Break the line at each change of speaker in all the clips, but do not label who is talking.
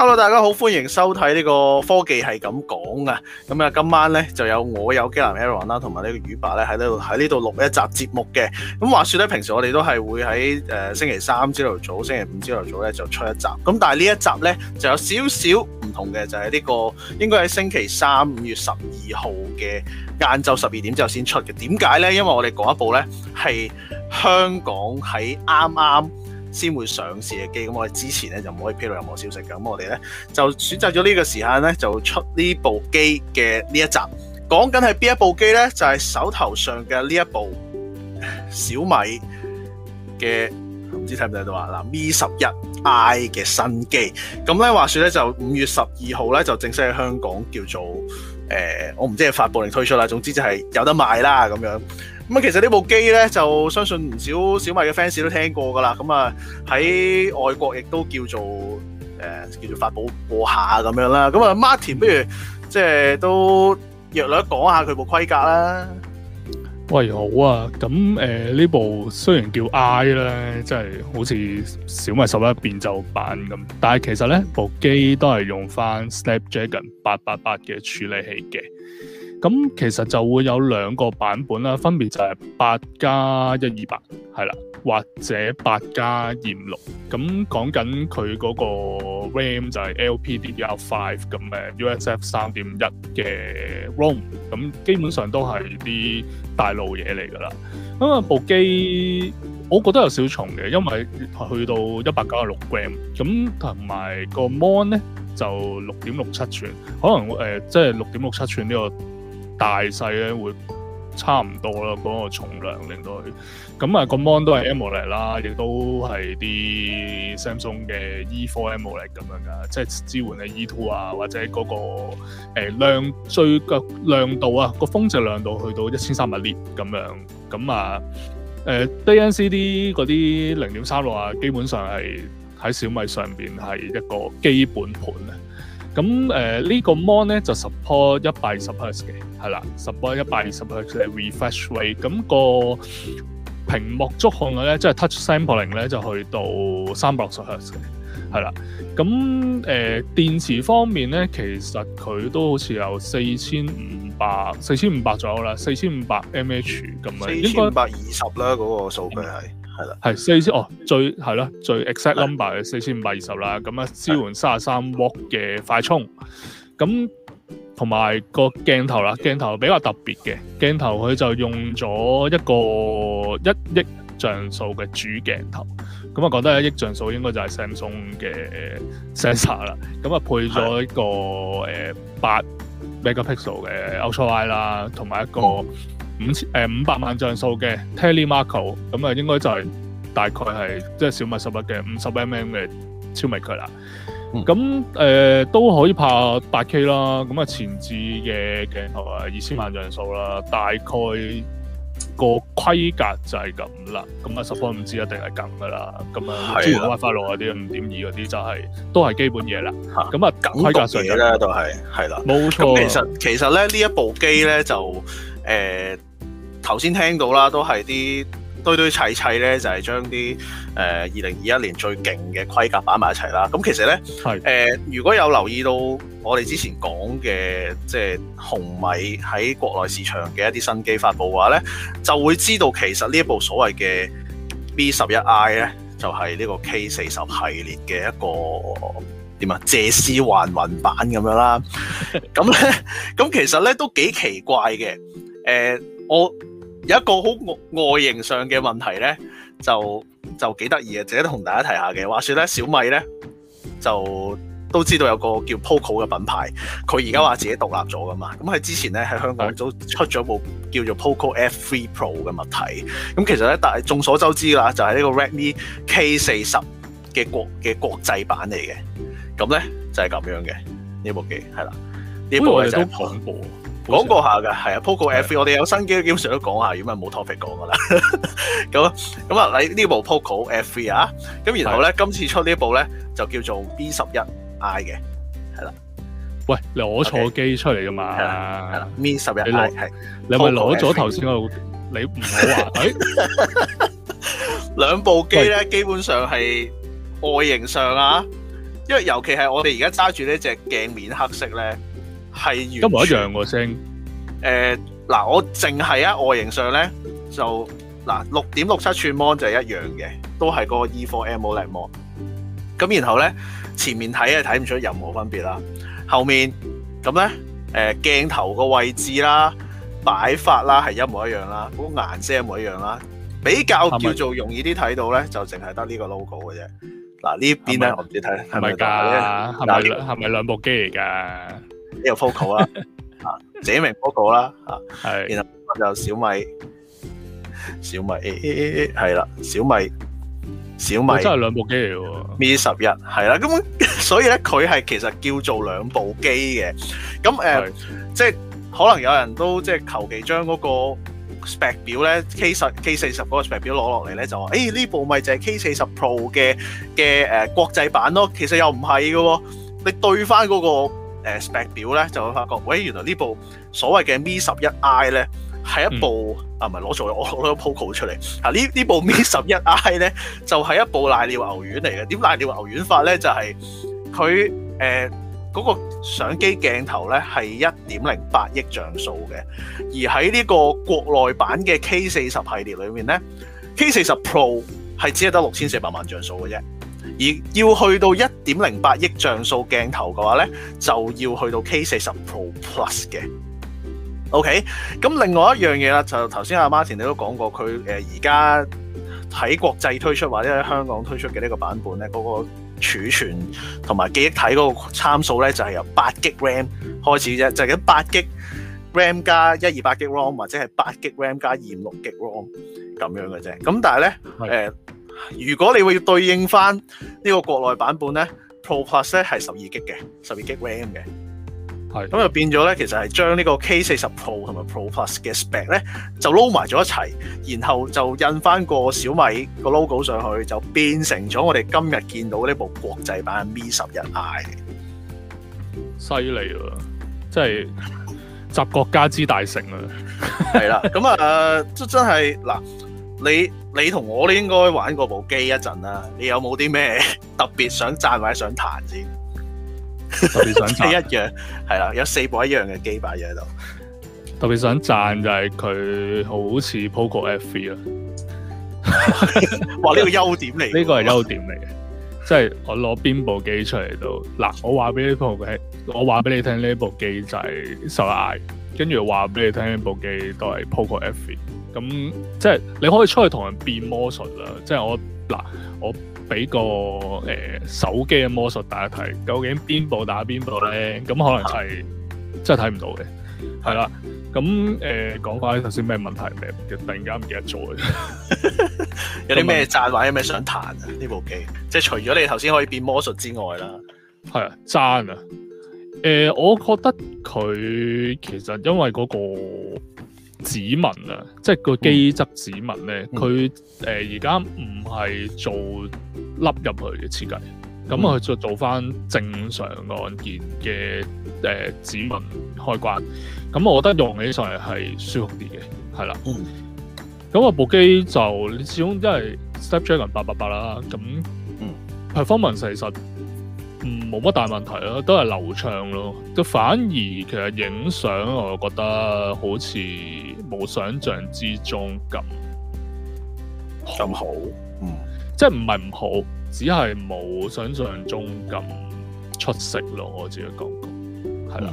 Hello，大家好，歡迎收睇呢個科技係敢講啊！咁啊，今晚咧就有我有機男 Aaron 啦，同埋呢個宇白咧喺呢度喺呢度錄一集節目嘅。咁話說咧，平時我哋都係會喺誒、呃、星期三朝頭早、星期五朝頭早咧就出一集。咁但係呢一集咧就有少少唔同嘅，就係、是、呢、這個應該喺星期三五月十二號嘅晏晝十二點之後先出嘅。點解咧？因為我哋講一部咧係香港喺啱啱。先會上市嘅機，咁我哋之前咧就唔可以披露任何消息，咁我哋咧就選擇咗呢個時間咧，就出呢部機嘅呢一集，講緊係邊一部機咧？就係、是、手頭上嘅呢一部小米嘅唔知睇唔睇到啊！嗱，Mi 11 i 嘅新機，咁咧話説咧就五月十二號咧就正式喺香港叫做。誒、呃，我唔知係發布定推出啦，總之就係有得賣啦咁樣。咁啊，其實呢部機咧，就相信唔少小米嘅 fans 都聽過㗎啦。咁啊，喺外國亦都叫做、呃、叫做發布過下咁樣啦、啊。咁啊，Martin 不如即係都約略講下佢部規格啦。
喂，好啊，咁誒呢部雖然叫 I 咧，即係好似小米十一變奏版咁，但係其實呢部機都係用翻 Snapdragon 八八八嘅處理器嘅。咁其實就會有兩個版本啦，分別就係八加一二八，係啦，或者八加二五六。咁講緊佢嗰個 RAM 就係 LPDDR5，咁嘅 USF 三點一嘅 ROM，咁基本上都係啲大路嘢嚟㗎啦。咁啊部機我覺得有少重嘅，因為去到一百九十六 gram，咁同埋個 mon 咧就六點六七吋，可能誒即係六點六七吋呢個大細咧會差唔多啦，嗰、嗰個重量令到佢咁啊，嗰個 mon 都係 Amoled 啦，亦都係啲 Samsung 嘅 E4 Amoled 咁樣噶，即係支援嘅 E2 啊，或者嗰、嗰個、呃、量最嘅、呃、亮度啊，嗰個峰值亮度去到一千三百 nit 咁樣，咁啊誒 JNCD 嗰啲零點三六啊，呃、基本上係喺小米上邊係一個基本盤啊。咁呢個 mon 咧就 support 一百二十 h z 嘅，係啦，support 一百二十 h z 嘅 refresh rate。咁個屏幕觸控嘅咧，即係 touch sampling 咧就去到三百六十 h z 嘅，係啦。咁、呃、電池方面咧，其實佢都好似有四千五百、四千五百左右 4, 500mAh、嗯、啦，四千五百 mAh 咁啊。四千五百二十啦，嗰個數據係。係啦，係四千哦，最係咯，最 exact number 係四千五百二十啦。咁啊，支援三十三 watt 嘅快充，咁同埋個鏡頭啦，鏡頭比較特別嘅，鏡頭佢就用咗一個一億像素嘅主鏡頭，咁啊，覺得一億像素應該就係 Samsung 嘅 sensor 啦，咁啊配咗一個誒八 megapixel 嘅 ultra-wide 啦，同埋一個。五五百萬像素嘅 Tele Macro 咁啊應該就係大概係即係小米十一嘅五十 mm 嘅超微距啦。咁、嗯呃、都可以拍八 K 啦。咁啊前置嘅鏡頭啊二千萬像素啦，大概個規格就係咁啦。咁啊十方唔知一定係咁噶啦。咁啊支援 WiFi 六嗰啲五點二嗰啲就係、是、都係基本嘢啦。咁啊，規格都係係啦。冇錯、啊其。其實
其實咧呢這一部機咧就、呃頭先聽到啦，都係啲堆堆砌砌咧，就係將啲誒二零二一年最勁嘅規格擺埋一齊啦。咁其實咧，係誒如果有留意到我哋之前講嘅，即係紅米喺國內市場嘅一啲新機發布嘅話咧，就會知道其實呢一部所謂嘅 B 十一 I 咧，就係呢個 K 四十系列嘅一個點啊，借屍還魂版咁樣啦。咁 咧，咁其實咧都幾奇怪嘅。誒我。有一個好外形上嘅問題咧，就就幾得意嘅，自己都同大家提下嘅。話説咧，小米咧就都知道有個叫 Poco 嘅品牌，佢而家話自己獨立咗噶嘛。咁喺之前咧喺香港都出咗部叫做 Poco F3 Pro 嘅物體。咁其實咧，但係眾所周知啦，就係呢個 Redmi K 四十嘅國嘅國際版嚟嘅。咁咧就係、是、咁樣嘅呢部機，係啦，呢部咧就廣告、哎。講過下噶，係啊，Poco F3，我哋有新機基本上都講下，如果唔係冇 topic 講噶啦。咁咁啊，你呢部 Poco F3 啊，咁然後咧，今次出呢部咧就叫做 Mi11i 嘅，係啦。
喂，你攞錯機出嚟噶嘛？係啦，Mi11i 係。你咪攞咗頭先嗰？你唔好話。
兩部機咧，基本上係外形上啊，因為尤其係我哋而家揸住呢隻鏡面黑色咧。係完全一模一樣個、啊、聲，誒嗱、呃，我淨係啊外形上咧就嗱六點六七寸芒就係一樣嘅，都係嗰個 E4 AMOLED mon。咁然後咧前面睇啊睇唔出任何分別啦，後面咁咧誒鏡頭個位置啦擺法啦係一模一樣啦，嗰個顏色一模一樣啦。比較叫做容易啲睇到咧，就淨係得呢個 logo 嘅啫。嗱呢邊咧我唔知睇係咪㗎？係咪係咪兩部機嚟㗎？呢、這個 f o c a l 啦， 啊，這名 f o c a l 啦， 啊，係，然後就小米，小米，係 啦，小米，小米真係兩部機嚟喎 Mi 十一，係啦，咁所以咧佢係其實叫做兩部機嘅，咁誒、呃，即係可能有人都即係求其將嗰個 spec 表咧 K 十 K 四十嗰個 spec 表攞落嚟咧，就話誒呢部咪就係 K 四十 Pro 嘅嘅誒國際版咯，其實又唔係嘅喎，你對翻嗰、那個。誒、呃、Spec 表咧就會發覺，喂，原來呢部所謂嘅 Mi 十一 i 咧係一部啊，唔係攞咗我攞個 Poco 出嚟。啊，呢呢部 Mi 十一 i 咧就係、是、一部瀨尿牛丸嚟嘅。點瀨尿牛丸法咧就係佢誒嗰個相機鏡頭咧係一點零八億像素嘅，而喺呢個國內版嘅 K 四十系列裏面咧，K 四十 Pro 係只係得六千四百萬像素嘅啫。而要去到一點零八億像素鏡頭嘅話咧，就要去到 K 四十 Pro Plus 嘅。OK，咁另外一樣嘢啦，就頭先阿 Martin 你都講過，佢誒而家喺國際推出或者喺香港推出嘅呢個版本咧，嗰個儲存同埋記憶體嗰個參數咧，就係由八 G RAM 開始啫，就係咁八 G RAM 加一二八 G ROM 或者係八 G RAM 加二六 G ROM 咁樣嘅啫。咁但係咧誒。如果你要對應翻呢個國內版本咧，Pro Plus 咧係十二 g 嘅，十二 g RAM 嘅，係咁就變咗咧，其實係將呢個 K 四十 Pro 同埋 Pro Plus 嘅 spec 咧就撈埋咗一齊，然後就印翻個小米個 logo 上去，就變成咗我哋今日見到呢部國際
版 Mi 十一 I，犀利喎，即係集各家之大成啊，係、 呃、啦，咁啊，誒，真真係嗱。
你你同我都應該玩過部機一陣啊。你有冇啲咩特別想讚或者想彈先？特別想呢 一,一樣係啦，有四部一樣嘅機擺住
喺度。特別想讚就係佢好似 Poco F3 啦。話呢個優點嚟，呢個係優點嚟嘅，即係我攞邊部機出嚟都嗱，我話俾呢我話俾你聽呢部機就係手 I，跟住話俾你聽呢部機都係 Poco F3 咁即係你可以出去同人變魔術啦，即係我嗱，我俾個誒、呃、手機嘅魔術大家睇，究竟邊部打邊部咧，咁可能係、啊、真係睇唔到嘅，係啦。咁誒講翻頭先咩問題？咩？突然間唔記得咗，有啲咩贊啊？有咩想彈啊？呢部機即係除咗你頭先可以變魔術之外啦，係啊，贊啊！誒、呃，我覺得佢其實因為嗰、那個。指紋啊，即係個機側指紋咧，佢誒而家唔係做凹入去嘅設計，咁佢就做做翻正常按鍵嘅誒指紋開關，咁我覺得用起上嚟係舒服啲嘅，係啦。咁、嗯、啊部機就始終因為 Snapdragon 888啦，咁 performance 其實。嗯，冇乜大問題咯，都係流暢咯。就反而其實影相，我又覺得好似冇想象之中咁咁好，好。嗯，即係唔係唔好，只係冇想象中咁出色咯。我自己講過，係啦、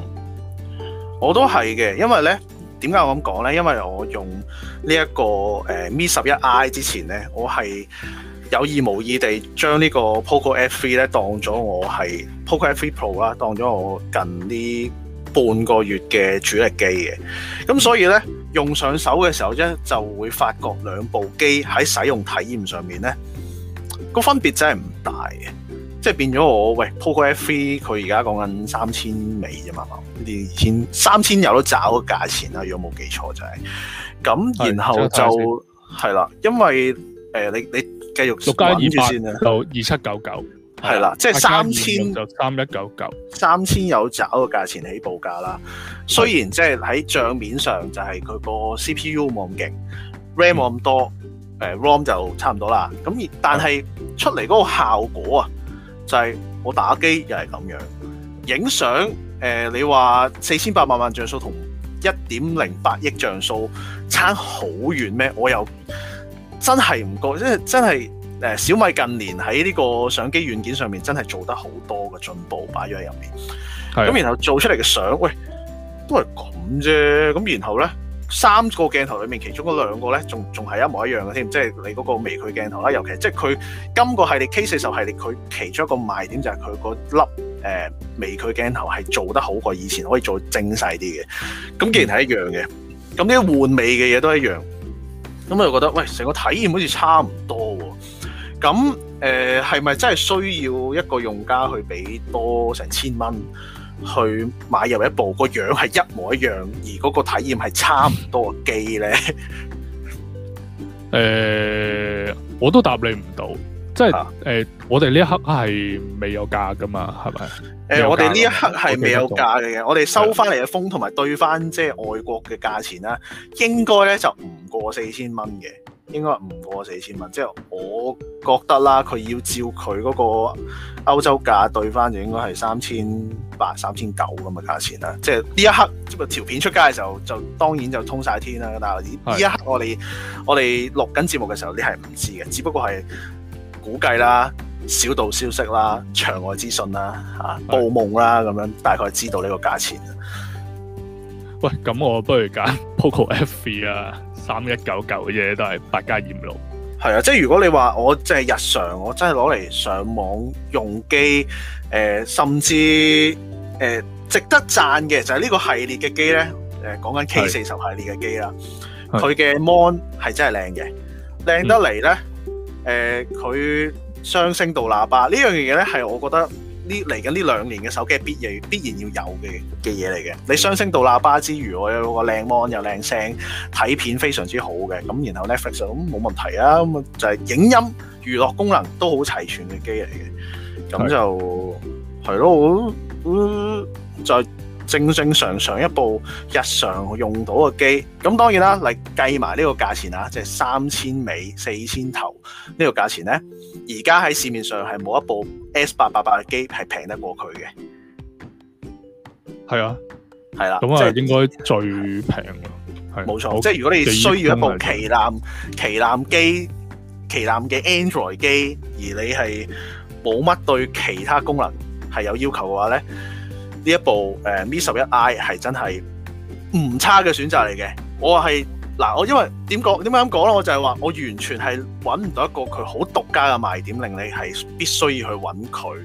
嗯。我都
係嘅，因為咧點解我咁講咧？因為我用呢、這、一個誒 Mi 十一 i 之前咧，我係。嗯有意無意地將呢個 Poco F3 咧當咗我係 Poco F3 Pro 啦，當咗我近呢半個月嘅主力機嘅，咁所以咧用上手嘅時候咧就會發覺兩部機喺使用體驗上面咧、那個分別真係唔大嘅，即係變咗我喂 Poco F3 佢而家講緊三千美啫嘛，啲二千三千有都找嘅價錢啦，如果冇記錯就係、是、咁，然後就係啦，因為。誒、嗯、你你繼續六加住先，八、uh,
到二七九九
係啦，即係三千就三一九九三千有找嘅價錢起步價啦。雖然即係喺帳面上就係佢個 CPU 冇咁勁，RAM 冇咁多，誒、嗯嗯、ROM 就差唔多啦。咁但係出嚟嗰個效果啊，就係我打機又係咁樣，影相誒你話四千八百萬像素同一點零八億像素差好遠咩？我又真係唔覺，即係真係誒小米近年喺呢個相機軟件上面真係做得好多嘅進步擺咗喺入面。咁然後做出嚟嘅相，喂，都係咁啫。咁然後咧三個鏡頭裏面，其中嗰兩個咧，仲仲係一模一樣嘅添。即係你嗰個微距鏡頭啦，尤其即係佢今個系列 K 四十系列，佢其中一個賣點就係佢嗰粒微距鏡頭係做得好過以前，可以做精細啲嘅。咁既然係一樣嘅，咁呢啲換尾嘅嘢都一樣。咁我就覺得，喂，成個體驗好似差唔多喎。咁誒，呃，係咪真係需要一個用家去俾多成千蚊去買入一部個樣係一模一樣，而嗰個體驗係差唔多嘅機咧？
誒、 呃，我都答你唔到，即係誒、呃，我哋呢一刻係未有價㗎嘛，係咪？誒，我哋呢一刻係未有價
嘅嘢、呃，我哋收翻嚟嘅風同埋對翻即係外國嘅價錢啦，應該咧就唔過四千蚊嘅，應該唔過四千蚊。即係我覺得啦，佢要照佢嗰個歐洲價對翻就應該係三千八、三千九咁嘅價錢啦。即係呢一刻即係條片出街嘅時候，就當然就通晒天啦。但係呢一刻我哋我哋錄緊節目嘅時候，你係唔知嘅，只不過係估計啦。小道消息啦，場外
資訊啦，吓、啊、報夢啦，咁樣大概知道呢個價錢。喂，咁我不如揀 Poco F3 啦，三一九九嘅嘢都係八加二六。
係啊，即係如果你話我即係日常，我真係攞嚟上網用機，誒、呃，甚至誒、呃、值得讚嘅就係呢個系列嘅機咧。誒、嗯，講緊 K 四十系列嘅機啦，佢嘅 Mon 係真係靚嘅，靚得嚟咧。誒、嗯，佢、呃。雙聲道喇叭呢樣嘢咧，係我覺得呢嚟緊呢兩年嘅手機係必嘢，必然要有嘅嘅嘢嚟嘅。你雙聲道喇叭之餘，我有個靚芒又靚聲，睇片非常之好嘅。咁然後 Netflix 咁冇問題啊，咁啊就係、是、影音娛樂功能都好齊全嘅機嚟嘅。咁就係咯，嗯，就。正正常常一部日常用到嘅機，咁當然啦，你計埋呢個價錢啊，即係三千尾四千頭，呢個價錢呢，而家喺市面上係冇一部 S 八八八嘅機係平得過佢嘅，
係啊，
係啦，咁啊應
該最平㗎，係冇錯。即係如果你需要一部旗
艦的旗艦機旗艦嘅 Android 機，而你係冇乜對其他功能係有要求嘅話呢。呢一部誒 Mi 十一 I 係真係唔差嘅選擇嚟嘅。我係嗱，我因為點講點解咁講咧？我就係話我完全係揾唔到一個佢好獨家嘅賣點，令你係必須要去揾佢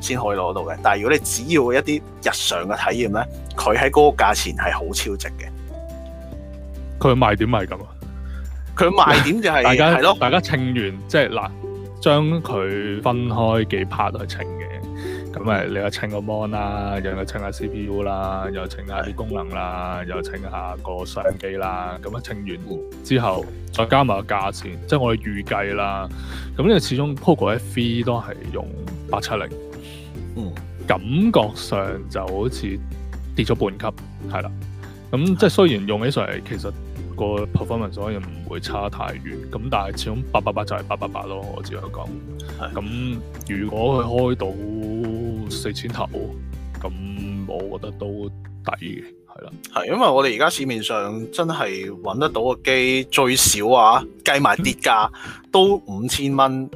先可以攞到嘅。但係如果你只要一啲日常嘅體驗咧，佢喺嗰個價錢係好
超值嘅。佢賣點咪係咁啊？佢賣點就係大家係咯，是啊就是、 大家稱完即係嗱，將、就、佢、是、分開幾 part 去稱嘅。咁你清、嗯、又清個 mon 啦，又又清下 C P U 啦，又清下啲功能啦，嗯、又清下個相機啦。咁啊清完之後，再加埋個價錢，即、就、係、是、我預計啦。咁因為始終 Poco F3 都係用八七零，嗯，感覺上就好似跌咗半級，係啦。咁即係雖然用起上嚟，其實個 performance 也唔會差太遠。咁但係始終八八八就係八八八咯。我只可以講，咁如果佢開到，四千頭，咁我覺得都抵嘅，係啦。係，因
為我哋而家市面上真係搵得到個機最少啊，計埋跌價都五千蚊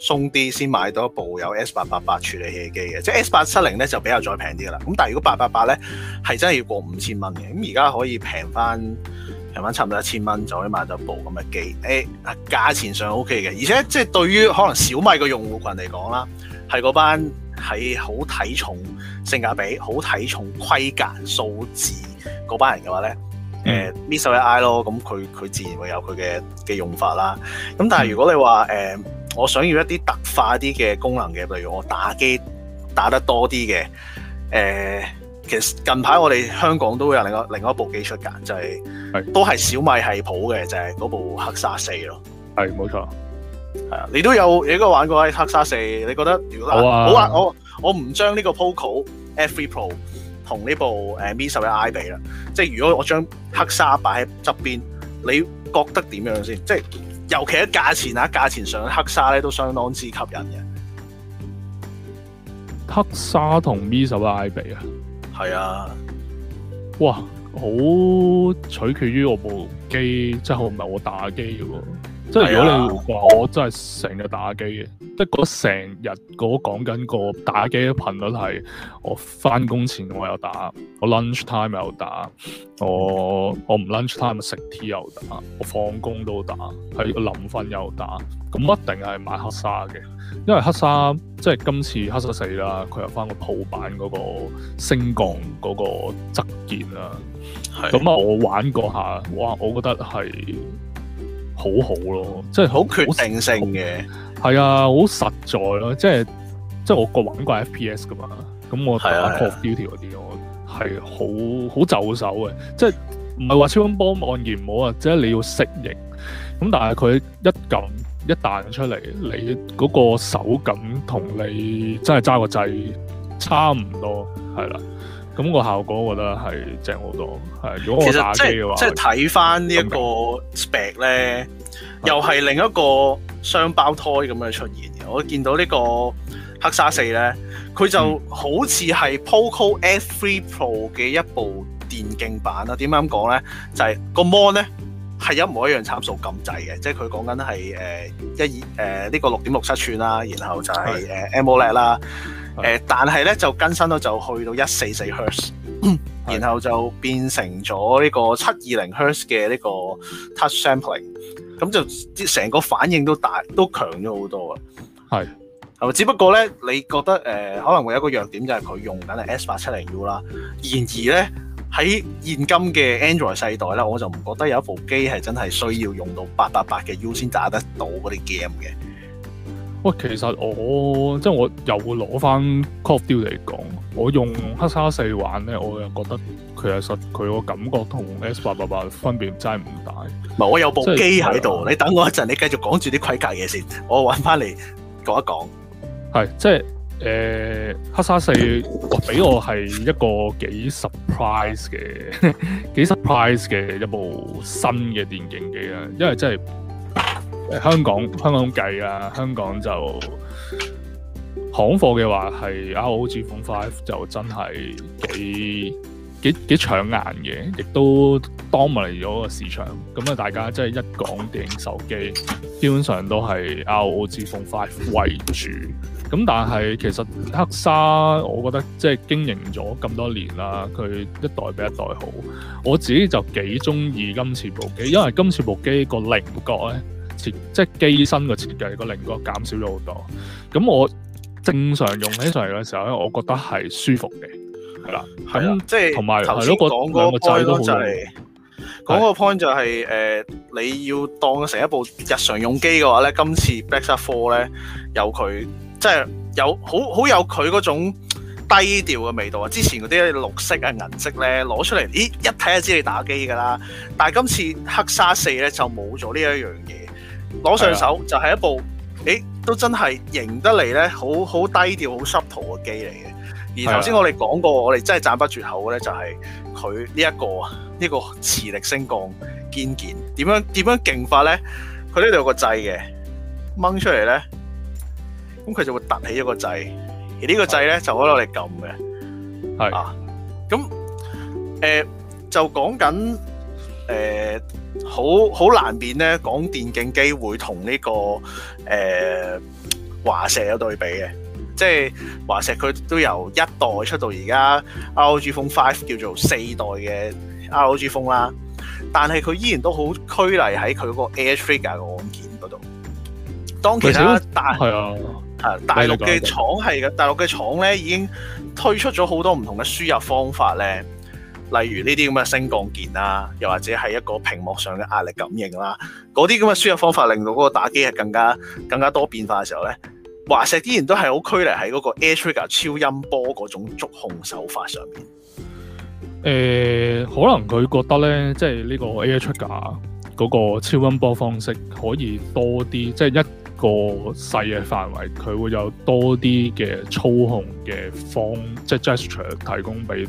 鬆啲先買到一部有 S 八八八處理器嘅機嘅，即係 S 八七零咧就比較再平啲噶啦。咁但係如果八八八咧係真係要過五千蚊嘅，咁而家可以平翻平翻差唔多一千蚊就可以買到部咁嘅機。誒、哎，啊，價錢上 O K 嘅，而且即係對於可能小米嘅用戶群嚟講啦，係嗰班。喺好睇重性價比，好睇重規格數字嗰班人嘅話咧，誒、嗯呃、M11I 咯，咁佢佢自然會有佢嘅嘅用法啦。咁但係如果你話誒、呃，我想要一啲特化啲嘅功能嘅，例如我打機打得多啲嘅，誒、呃，其實近排我哋香港都會有另一另一部機出㗎，就係、是、都係小米係普嘅，就係、是、嗰部黑沙四咯。係冇錯。係啊，你都有，你都該玩過黑鯊四，你覺得如果好啊？好，我我唔將呢個 Poco F3 Pro 同呢部誒 Mi 11i 比啦，即係如果我將黑鯊擺喺側邊，你覺得點樣先？即係尤其喺價錢啊，價錢上黑鯊咧都相當之吸引嘅。
黑鯊同 Mi 11i 比啊？係啊，哇，好取決於我部機，即係唔係我打機嘅喎。即係、啊、如果你話我真係成日打機嘅，即係嗰成日嗰講緊個打機嘅頻率係我翻工前我又打，我 lunch time 又打，我我唔 lunch time 食 tea 又打，我放工都打，喺臨瞓又打。咁一定係買黑沙嘅，因為黑沙即係今次黑沙四啦，佢有翻個鋪板嗰個升降嗰個側件啦。咁啊，我玩過一下，哇，我覺得係。好好咯，即係好決定性嘅，係啊，好實在咯，即係即係我個玩過 FPS 㗎嘛，咁我打 Call of Duty 嗰啲我係好好就手嘅，即係唔係話超音波按鍵唔好啊，即係你要適應，咁但係佢一撳一彈出嚟，你嗰個手感同你真係揸個掣差唔多，係啦。咁、那個效果，我覺得係正好多。如果我打機嘅話，即係
睇翻呢一個 spec 咧，又係另一個雙胞胎咁樣出現嘅、嗯。我見到呢個黑鯊四咧，佢就好似係 Poco F3 Pro 嘅一部電競版啦。點解咁講咧？就係、是、個 mon 咧係一模一樣參數咁滯嘅，即係佢講緊係一二呢個六點六七寸啦，然後就係 AMOLED 啦。呃、但係咧就更新到就去到一四四 Hz，然後就變成咗呢個七二零 Hz 嘅呢個 touch sampling，咁就啲成個反應都大都強咗好多啊。係只不過咧，你覺得、呃、可能會有一個弱點就係佢用緊係 S 八七零 U 啦。然而咧喺現今嘅 Android 世代咧，我就唔覺得有一部機係真係需要用到八八八嘅 U 先打得
到嗰啲 game 嘅。喂，其實我即係我又會攞翻 Core l 嚟講，我用黑沙四玩咧，我又覺得其實佢個感覺同 S 八八八分別真係唔大。唔係我有部機喺度，你等我一陣，你繼續講住啲規格嘢先，我搵翻嚟講一講。係即係誒、呃、黑沙四，俾我係一個幾 surprise 嘅幾 surprise 嘅一部新嘅電競機啊，因為真係。香港香港計啊！香港就行貨嘅話係 ROG Phone Five 就真係幾幾幾搶眼嘅，亦都當埋咗個市場。咁啊，大家即係一講電競手機，基本上都係 ROG Phone Five 為主。咁但係其實黑鯊，我覺得即係經營咗咁多年啦，佢一代比一代好。我自己就幾鍾意今次部機，因為今次部機個稜角咧。即係機身嘅設計個靈覺減少咗好多。咁我正常用起上嚟嘅時候咧，我覺得係舒服嘅，係啦，係啦。即係頭先講嗰個 point 咯，就係、是、
講、嗰個 point 就係、是、誒、呃，你要當成一部日常用機嘅話咧，今次 Black Shark Four 咧有佢即係有好好有佢嗰種低調嘅味道啊。之前嗰啲綠色啊、銀色咧攞出嚟，咦一睇就知你打機㗎啦。但係今次黑沙四咧就冇咗呢一樣嘢。攞上手就係一部，誒都真係型得嚟咧，好好低調、好 shuttle 嘅機嚟嘅。而頭先我哋講過，我哋真係讚不絕口咧、這個，就係佢呢一個呢個磁力升降肩鍵點樣點樣勁法咧？佢呢度有個掣嘅，掹出嚟咧，咁佢就會凸起一個掣，而個呢個掣咧就可以攞嚟撳嘅。係啊，咁誒、呃、就講緊誒。呃好好難免咧講電競機會同呢、這個誒、呃、華碩有對比嘅，即係華碩佢都由一代出到而家 ROG Phone Five 叫做四代嘅 ROG Phone 啦，但係佢依然都好拘泥喺佢嗰個 Air Trigger 嘅按鍵嗰度。當其他大係啊，係大陸嘅廠係嘅，大陸嘅廠咧已經推出咗好多唔同嘅輸入方法咧。例如呢啲咁嘅升降鍵啦，又或者係一個屏幕上嘅壓力感應啦，嗰啲咁嘅輸入方法令到嗰個打機係更加更加多變化嘅時候咧，華碩依然都係好拘泥喺嗰個 Air Trigger 超音波嗰種觸控手法上面。
誒、呃，可能佢覺得咧，即係呢個 Air Trigger 嗰個超音波方式可以多啲，即係一個細嘅範圍，佢會有多啲嘅操控嘅方，即係 gesture 提供俾。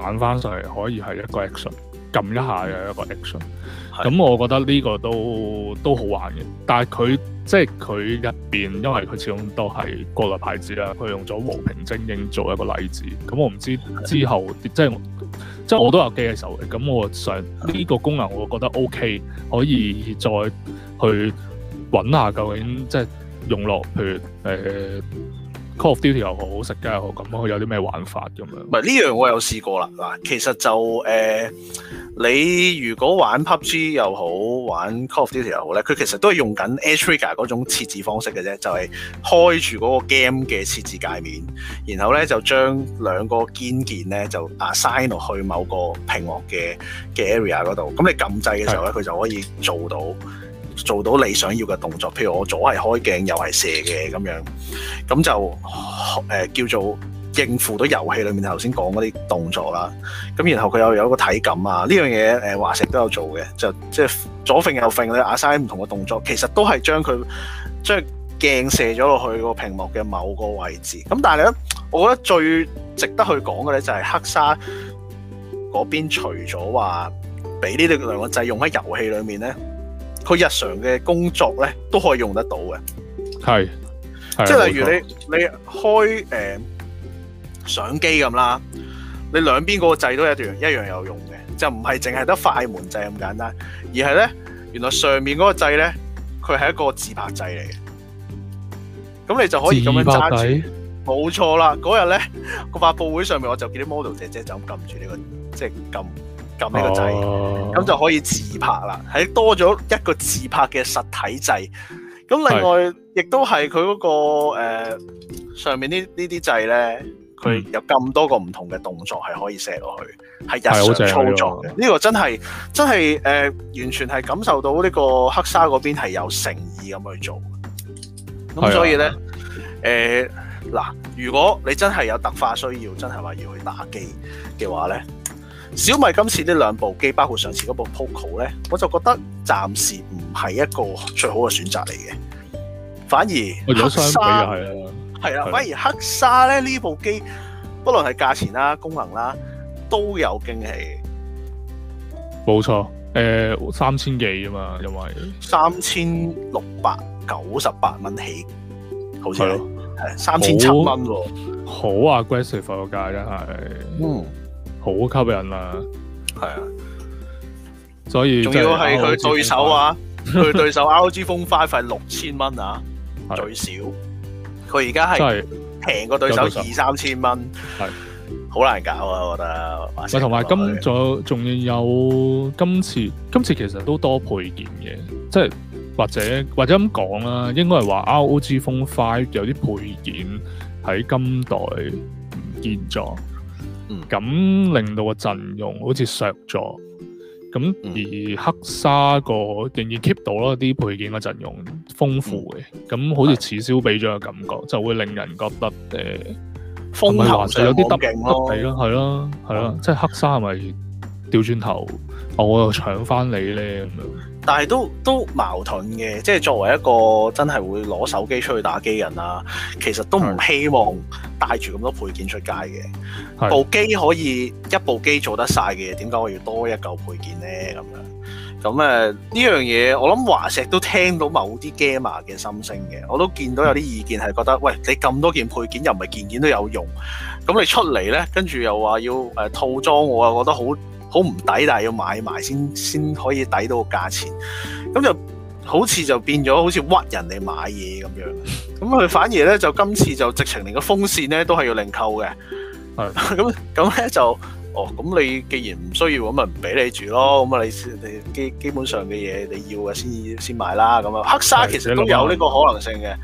彈翻上嚟可以係一個 action，撳一下又一個 action，咁我覺得呢個都都好玩嘅。但係佢即係佢入邊，因為佢始終都係國內牌子啦，佢用咗和平精英做一個例子。咁我唔知之後即係即係我都有機嘅時候，咁我上呢、這個功能我覺得 OK，可以再去揾下究竟即係用落去誒 Call of Duty 又好食雞又好。咁佢有啲咩玩法咁樣？
唔係呢樣我有試過啦，嗱，其實就誒、呃，你如果玩 PUBG 又好玩 Call of Duty 又好咧，佢其實都係用緊 Air Trigger 嗰種設置方式嘅啫，就係、是、開住嗰個 game 嘅設置界面，然後咧就將兩個肩鍵咧就 assign 落去某個屏幕嘅嘅 area 嗰度，咁你撳掣嘅時候咧，佢就可以做到。做到你想要嘅動作，譬如我左係開鏡，右係射嘅咁樣，咁就誒、呃、叫做應付到遊戲裏面頭先講嗰啲動作啦。咁然後佢又有，有一個體感啊，呢樣嘢誒、呃、華碩都有做嘅，就即係、就是、左揈右揈，你壓曬唔同嘅動作，其實都係將佢將鏡射咗落去個屏幕嘅某個位置。咁但係咧，我覺得最值得去講嘅咧就係黑沙嗰邊除了，除咗話俾呢啲兩個掣用喺遊戲裏面咧。佢日常嘅工作咧都可以用得到嘅，
係，即係例如你
你開誒、呃、相機咁啦，你兩邊嗰個掣都一樣，一樣有用嘅，就唔係淨係得快門掣咁簡單，而係咧原來上面嗰個掣咧，佢係一個自拍掣嚟嘅，咁你就可以咁樣揸住，冇錯啦。嗰日咧個發佈會上面，我就見啲 model 姐姐就咁撳住呢個即係撳。就是撳呢個掣，咁、哦、就可以自拍啦。係多咗一個自拍嘅實體掣。咁另外，亦都係佢嗰個誒、呃、上面呢呢啲掣咧，佢有咁多個唔同嘅動作係可以射落去，係日常操作嘅。呢、啊這個真係真係誒、呃，完全係感受到呢個黑沙嗰邊係有誠意咁去做。
咁所以咧，
誒嗱、啊呃，如果你真係有特化需要，真係話要去打機嘅話咧。小米今次呢兩部機，包括上次嗰部 Poco 咧，我就覺得暫時唔係一個最好嘅選擇嚟嘅，反而黑沙係啦，係啦，反而黑沙咧呢部機，不論係價錢啦、功能啦，都有驚喜。
冇錯，誒，三千幾啊嘛，因為三千六百九十八蚊起，好似係三千七蚊，好啊，Grace 份個價真係，嗯。好吸引啦，係啊，所以仲要係佢對手啊，佢
對手 ROG Phone 5係六千蚊啊，最少佢而家係平過對手二三千蚊，係好難搞啊！我
覺得。咪同埋今仲有仲要有今次，今次其實都多配件嘅，即係或者或者咁講啦，應該係話 ROG Phone 5有啲配件喺今代唔見咗。咁、嗯、令到個陣容好似削咗，咁而黑鯊個仍然 keep 到咯，啲配件嘅陣容豐富嘅，咁、嗯、好似此消彼長嘅感覺就會令人覺得誒、呃、風頭就有啲突突起咯，係咯係咯，即係黑鯊係咪？掉轉頭，我又搶翻你呢。
但係都都矛盾嘅，即係作為一個真係會攞手機出去打機人啦，其實都唔希望帶住咁多配件出街嘅。的部機可以一部機做得晒嘅嘢，點解我要多一嚿配件呢？咁樣咁誒呢樣嘢，我諗華碩都聽到某啲 Gamer 嘅心聲嘅。我都見到有啲意見係覺得，喂，你咁多件配件又唔係件件都有用，咁你出嚟呢，跟住又話要、呃、套裝，我又覺得好。好唔抵，但係要買埋先先可以抵到個價錢，咁就好似就變咗好似屈人哋買嘢咁樣。咁 佢反而咧就今次就直情連個風扇咧都係要另購嘅，係咁咁咧就哦，咁你既然唔需要，咁咪唔俾你住咯。咁啊你你基基本上嘅嘢你要嘅先先買啦。咁啊黑鯊其實都有呢個可能性嘅。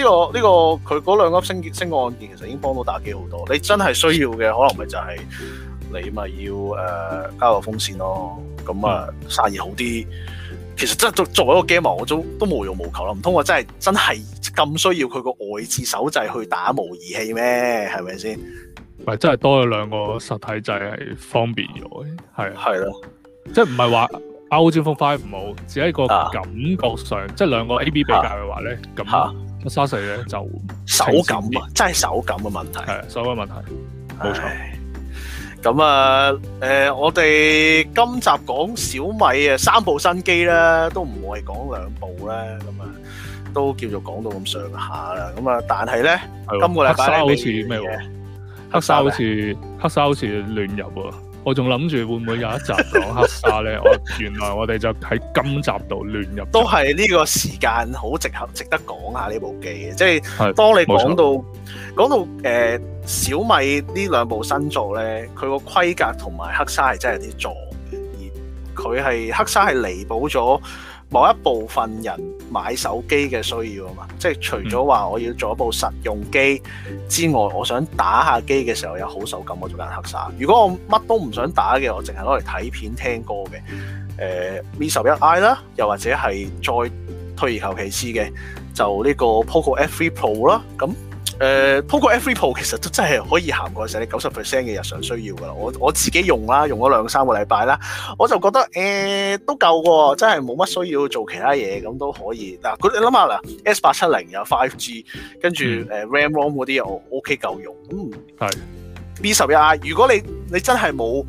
呢、這個呢、這個佢嗰兩粒升升個按鍵，其實已經幫到打機好多。你真係需要嘅，可能咪就係、是、你咪要誒、呃、加個風扇咯。咁啊，散熱好啲。其實真係作作為一個 game 啊，我都都無欲無求啦。唔通我真係真係咁需要佢個外置手掣去打模擬器咩？係咪先？
唔真係多咗兩個實體掣係方便咗，係係咯。即係唔係話 ROG Phone 5唔好，只係個感覺上、啊、即係兩個 A B 比較嘅話咧咁。啊黑鯊四咧就手感啊，真係手感嘅問題係啊，手感問題冇錯。
咁啊，誒，我哋今集講小米啊，三部新機啦，都唔係講兩部咧，咁啊，都叫做講到咁上下啦。咁啊，但係咧，今個禮拜咧好似咩？
黑鯊好似黑鯊好似亂入啊！我仲諗住會唔會有一集講黑鯊呢？ 我原來我哋就喺今集度亂入，都
係呢個時間好適合值得講下呢部機嘅。即、就、係、是、當你講到講到誒、呃、小米呢兩部新作呢，佢個規格同埋黑鯊係真係有啲撞嘅，而佢係黑鯊係彌補咗某一部分人。買手機嘅需要啊嘛，即係除咗話我要做一部實用機之外，嗯、我想打下機嘅時候有好手感我做種黑鯊。如果我乜都唔想打嘅，我淨係攞嚟睇片聽歌嘅，誒、呃、Mi11i 啦，又或者係再退而求其次嘅，就呢個 Poco F3 Pro 啦咁。Uh, Poco F3 Pro 其實都真係可以涵蓋曬你九十 percent 嘅日常需要㗎啦。我我自己用啦，用咗兩三個禮拜啦，我就覺得、呃、都夠喎，真係冇乜需要做其他嘢咁都可以。嗱，你諗下啦，S 八七零有 5G，跟住、嗯 uh, RAM ROM、ROM 嗰啲又 OK 夠用，嗯係 Mi 十一 I。B10，如果你你真係冇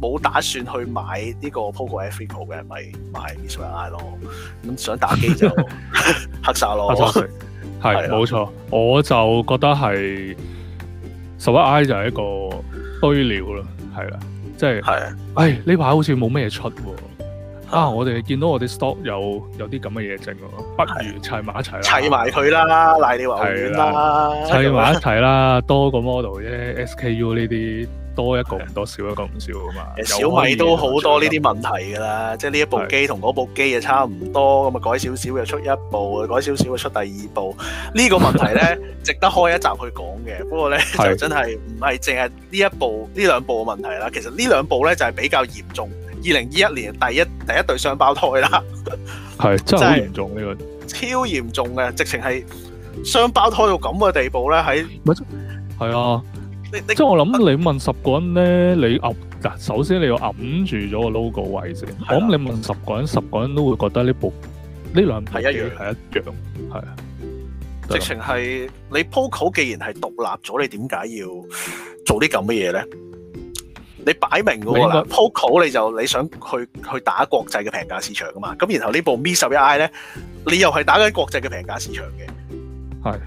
冇打算去買呢個 Poco F3 Pro 嘅，咪買 Mi 十一 I 咯。咁想打機就 黑鯊殺咯。
係冇錯，我就覺得係十一 I 就係一個堆料咯，係啦、啊，即、就、係、是，係、啊，哎呢排好似冇咩出喎、啊，啊，啊，啊我哋見到我哋 stock 有有啲咁嘅嘢整，不如砌埋一齊啦，砌
埋佢啦，賴你話啦，砌埋、啊、一
齊啦，多個 model 啫，SKU 呢啲。多一個唔多，少一個唔少啊嘛！其實小米都好多呢啲問
題噶啦，嗯、即係呢一部機同嗰部機啊，差唔多，咁啊改少少又出一部，改少少又出第二部。呢、呢個問題咧 值得開一集去講嘅，不過咧就真係唔係淨係呢一部、呢兩部嘅問題啦。其實呢兩部咧就係比較嚴重。二零二一年第一第一對雙胞胎啦，
係真係好嚴重呢、呢個，
超嚴重嘅，直情係雙胞胎到咁嘅地步咧，喺
係啊。即係我諗，你問十個人咧，你暗嗱，首先你要揞住咗個 logo 位置。我諗你問十個人，十個人都會覺得呢部呢兩部嘢係一樣，係啊，直
情係你 Poco 既然係獨立咗，你點解要做啲咁嘅嘢咧？你擺明噶啦，Poco 你就你想去去打國際嘅平價市場噶嘛。咁然後呢部 Mi 十一 i 咧，你又係打緊國際嘅平價市場嘅，
係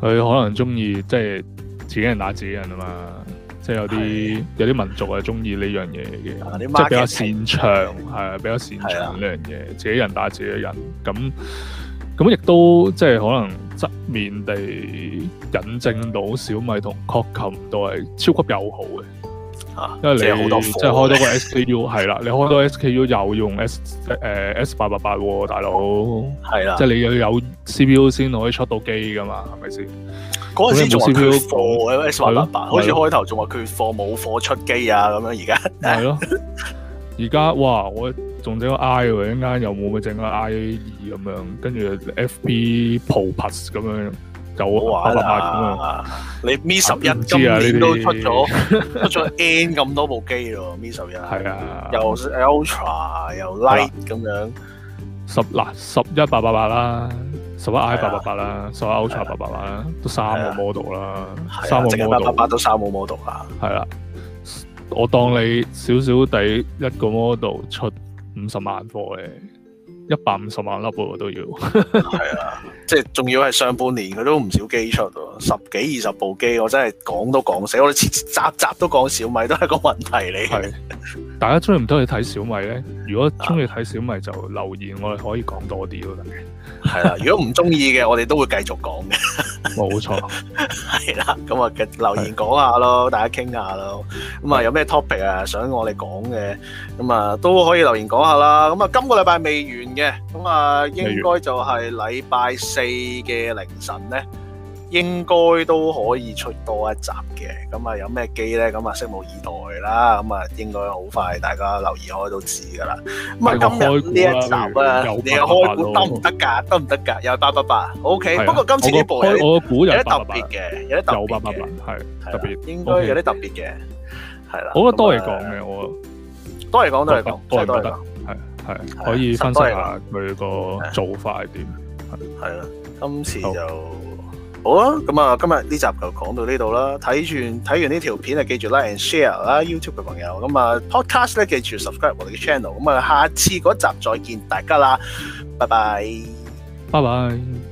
佢可能中意即係。自己人打自己人啊嘛，即係有啲有啲民族啊，中意呢樣嘢嘅，即係比較擅長，係比較擅長呢樣嘢，自己人打自己人，咁咁亦都即係可能側面地引證到小米同 Qualcomm 都係超級友好嘅，嚇、啊，因為你好多即係開多個 SKU，係 啦，你開多個 SKU 又用 S 誒 S 八八八喎，大佬，係啦，即係你要有 CPU 先可以出到機噶嘛，係咪先？嗰陣時仲
話缺貨，S888，好似開頭仲話缺貨冇貨出機啊咁樣，而家
係咯，而家哇，我仲整個 I 喎，一間又冇咩整啦，I 二咁樣，跟住 FB Pro Plus 咁樣，又八八八咁樣，你 Mi 十一今年都出咗
出咗 N 咁多部機咯，Mi 十一係啊，又 Ultra 又 Light
咁樣，十嗱十一八八八啦。十一 I 八八八啦，十一 Ultra 八八、啊、八啦，都三個 model 啦，三個 model，一八都三個 model 啊，係啦、啊啊，我當你少少哋一個 model 出五十萬貨嘅，一百五十萬粒喎都要，係
啊。 即係仲要係上半年，佢都唔少機出喎，十幾二十部機，我真係講都講死。我哋次次集集都講小米都係個問題嚟。係，
大家中意唔中意睇小米咧？如果中意睇小米就留言，啊、我哋可以講多啲咯。係啦，如果唔中意嘅， 我哋都會繼續講嘅。 冇錯，係啦，咁啊留言
講下咯，大家傾下咯。咁啊，有咩 topic 啊想我哋講嘅，咁啊都可以留言講下啦。咁啊，今個禮拜未完嘅，咁啊應該就係禮拜四。四嘅凌晨咧，應該都可以出多一集嘅。咁啊，有咩機咧？咁啊，拭目以待啦。咁啊，應該好快，大家留意開都知噶啦。咁啊，今日呢一集啊，你開估得唔得噶？得唔得噶？有八八八。O K。不過今次呢部我估有啲特別嘅，有啲特別。有八八八，係特
別。應該有啲特別嘅，係啦。好多嘢講嘅，我多嘢講都係講，多嘢講都係講。係係，可以分析下佢個做法係點。係啦，今次就
好啦。咁啊，今日呢集就講到呢度啦。睇完睇完呢條片就記住 like and share 啦，YouTube 嘅朋友。咁啊，podcast 咧，記住 subscribe 我哋嘅 channel。咁啊，下次嗰集再見大家啦，拜拜，
拜拜。